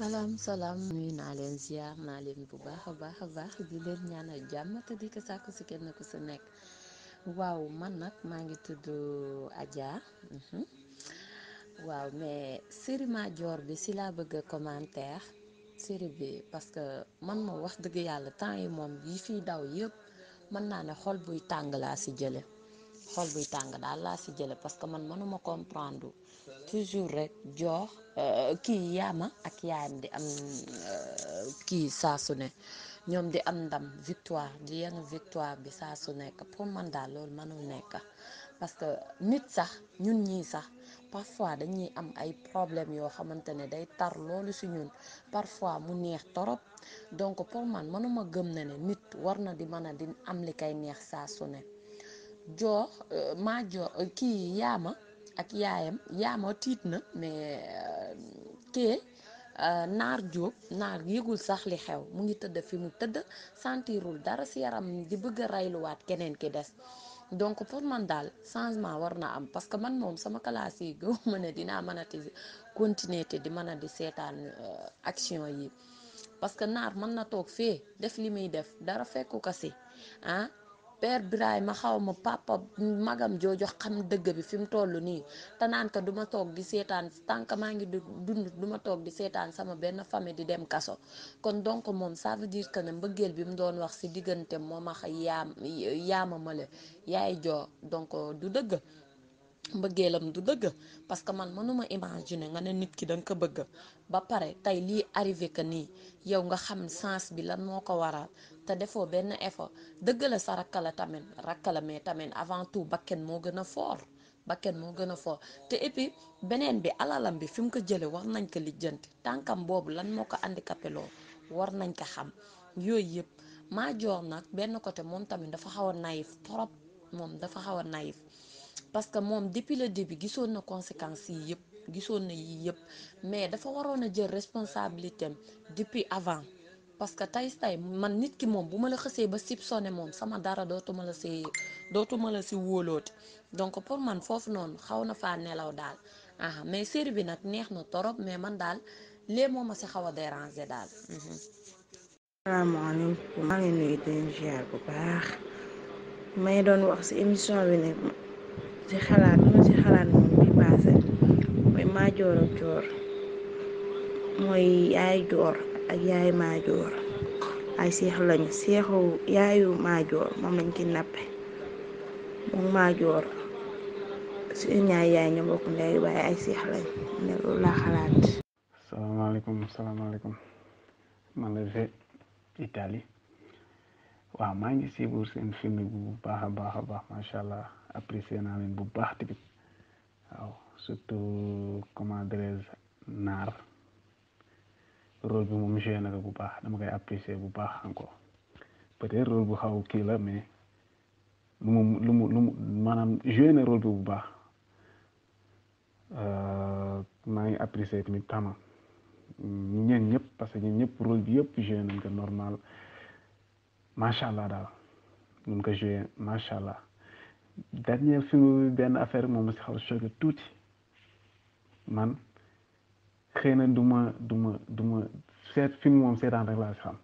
salaam salaam nuyu naa leen ziar naa leen bu baax a baax a baax di leen ñaanal jàmm te di ko sàkku si kenn ku si nekk waaw man nag maa ngi tudd uh, Adja mhm. waaw mais série Madior bi ci laa bëgg a séri bi parce que man ma wax dëgg yàlla temps yi moom yi fiy daw yëpp mën naa ne xool buy tàng laa si jële xol buy tàng daal laa si jële parce que man mënuma comprendre toujours rek jox euh, kii yaama ak yaayam di am euh, kii saa su ne ñoom di am ndam victoire di yenn victoire bi saa su nekk pour man daal loolu mënul nekk parce que nit sax ñun ñii sax parfois dañuy am ay problème yoo xamante ne day tar loolu si ñun parfois mu neex torop donc pour man mënuma gëm na ne nit war na di mën a di am li kay neex saa su ne joor euh, maa joor euh, kii yaama ak yaayam yaama tiit na mais euh, kee naar jóob naar yëgul sax li xew mu ngi tëdd fi mu tëdd sentirul dara si yaram di bëgg a rayluwaat keneen ki des donc pour man daal changement war na am parce que man moom sama classe yi gëw mën a dinaa mën a ti continuer te di mën a di seetaan action yi parce que naar mën na toog fee def li muy def dara fekku ko si ah père ma xaw ma papa magam jooju xam dëgg bi fi mu toll nii te naan ka du toog di seetaan tànk maa ngi dund du ma toog di seetaan sama benn famille di dem kaso kon donc moom ça veut dire que ne bi mu doon wax si diggante moom ak yaam yaama male yaay joo donc du dëgg mbëggee mbëggeelam du dëgg parce que man mënuma imaginer nga ne nit ki danga ko bëgg ba pare tey lii arrivé que nii yow nga xam sens bi lan moo ko waral te defoo benn effort dëgg la sa rakka la tamit rakka la tamit avant tout bakken moo gën a fort bakken moo gën a fort te et beneen bi alalam bi fi mu ko jëlee war nañ ko lijjanti tànkam boobu lan moo ko indi loo war nañ ko xam yooyu yëpp maa joor nag benn côté moom tamit dafa xaw a naïf trop moom dafa xaw a naïf parce que moom depuis le début gisoon na conséquences yi yëpp gisoon na yi yëpp mais dafa waroon a jël responsabilité am depuis avant parce que tey tey man nit ki moom bu ma la xësee ba sib sone moom sama dara dootuma la si dootuma la si wóoloote donc pour man foofu noonu xaw na faa nelaw daal ah mais série bi nag neex na torop mais man daal lee moom ma si xaw a déranger daal. Mhm. salaamaaleykum maa ngi doon wax si émission bi ci xalaat li ma ci xalaat moom bi passé mooy maajoor ak joor mooy yaay joor ak yaay maajoor ay seex lañ seexu yaayu maajoor moom lañ ki nappe moom maajoor suñu ñaay yaay ñu bokk ndey waaye ay seex lañ ne loolu laa xalaat salaamaaleykum salaamaaleykum man la Italie waaw maa ngi siibuur seen film bi bu baax a baax a baax macha allah apprécier naa leen bu baax tamit waaw surtout comment dirais naar rôle bi moom joué na bu baax mu koy apprécier bu baax encore peut-être rôle bu xaw kii la mais lu mu lu mu lu mu maanaam joué bu baax euh, maa ngi apprécier tamit tama ñeen ñëpp parce que ñun ñëpp rôle bi yëpp joué nañ ko normal macha allah daal ñu ngi ko joué macha allah dernier film bi benn affaire moom si xaw a choqué tuuti man xëy na duma ma du ma seet film moom seetaan rek laa si xam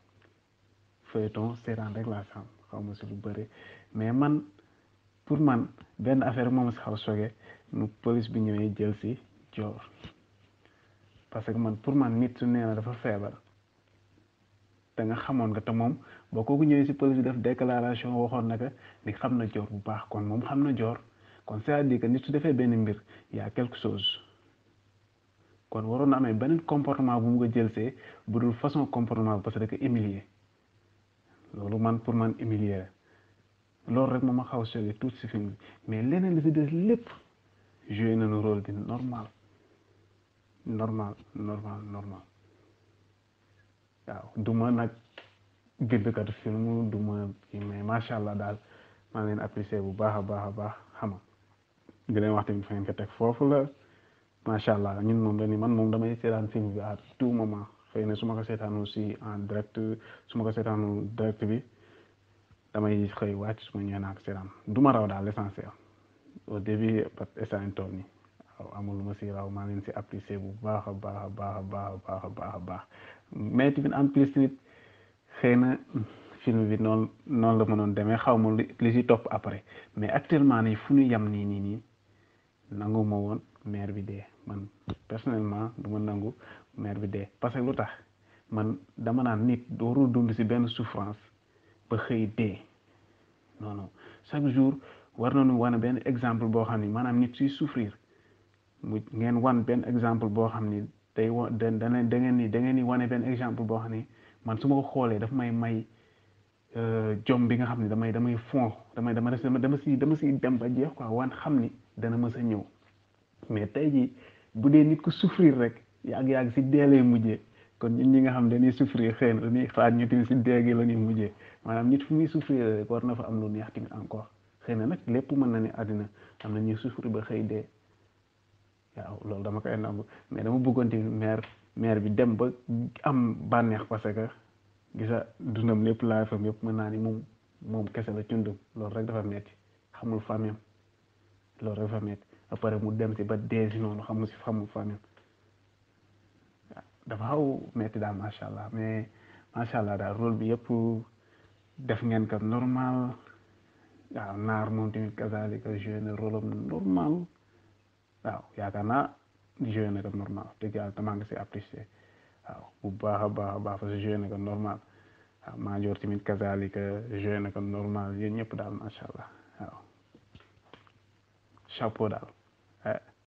feuilleton seetaan rek si xam xaw ma si lu bëri mais man pour man benn affaire moom si xaw a choqué nu police bi ñëwee jël si joor parce que man pour man nit su nee dafa feebar. te nga xamoon nga te moom ba kooku ñëwee si police bi def déclaration waxoon na que ni xam na joor bu baax kon moom xam na joor kon c'est-à-dire que nit su defee benn mbir yaa a quelque chose kon waroon na amee beneen comportement bu mu ko jël see bu dul façon comportement parce que da ko humilier loolu man pour man humilier loolu rek moom ma xaw a tout si film bi mais leneen li si des lépp joué nañu rôle bi normal normal normal normal. waaw du ma nag bindkatu film du ma kii mais macha allah daal maa leen apprécier bu baax a baax a baax a di leen wax tamit fa ngeen ko teg foofu la macha allah ñun moom dañuy man moom damay seetaan film bi à tout moment xëy na su ma ko seetaanu aussi en direct suma ko seetaanu direct bi damay xëy wàcc su ma ñëwee naa ko seetaan du ma raw daal l'essentiel au début parce que instant nii waaw amul lu ma si raw maa ngi leen si apprécier bu baax a baax a baax a baax a baax a baax mais tamit en plus tamit xëy na film bi noonu noonu la mënoon demee xaw ma li si topp après mais actuellement nii fu ñu yem nii nii nii nangu ma woon maire bi dee man personnellement du ma nangu maire bi dee parce que lu tax man dama naan nit dooru dund si benn souffrance ba xëy dee non non chaque jour war nañu wane benn exemple boo xam ni maanaam nit suy souffrir. mu ngeen wan benn exemple boo xam ni day wa da da ngeen ni da ngeen ni wane benn exemple boo xam ni man su ma ko xoolee dafa may may euh, jom bi nga xam ni damay damay fond damay dama dama si dama si dem ba jeex quoi wan xam ni dana mës a ñëw mais tey jii bu dee nit ko souffrir rek yàgg-yàgg si dee mujje kon ñun ñi nga xam dañuy souffrir xëy na dañuy xaar ñu tamit si dee gi la ñuy mujjee maanaam nit fu muy souffrir rek war na fa am lu neex tamit encore xëy na nag lépp mën na ni àddina am na ñuy souffrir ba xëy waaw loolu dama koy nangu mais dama bëggoon tamit maire maire bi dem ba am bànneex parce que gisa dundam lépp laa fam yëpp mën naa ni moom moom kese la cundum loolu rek dafa metti xamul famem loolu rek dafa mu dem si ba dee si noonu xamul si xamul famem xaw metti daal macha allah mais macha allah daal rôle bi yëpp def ngeen ka normal waaw naar moom tamit kasaalika joué na am normal waaw yaakaar naa joué na ko normal dëgg yàlla te maa ngi si apprécié waaw bu baax a baax a baax parce que joué normal waaw maa joor tamit kazaalika joué na ko normal yéen ñëpp daal macha allah waaw chapeau daal.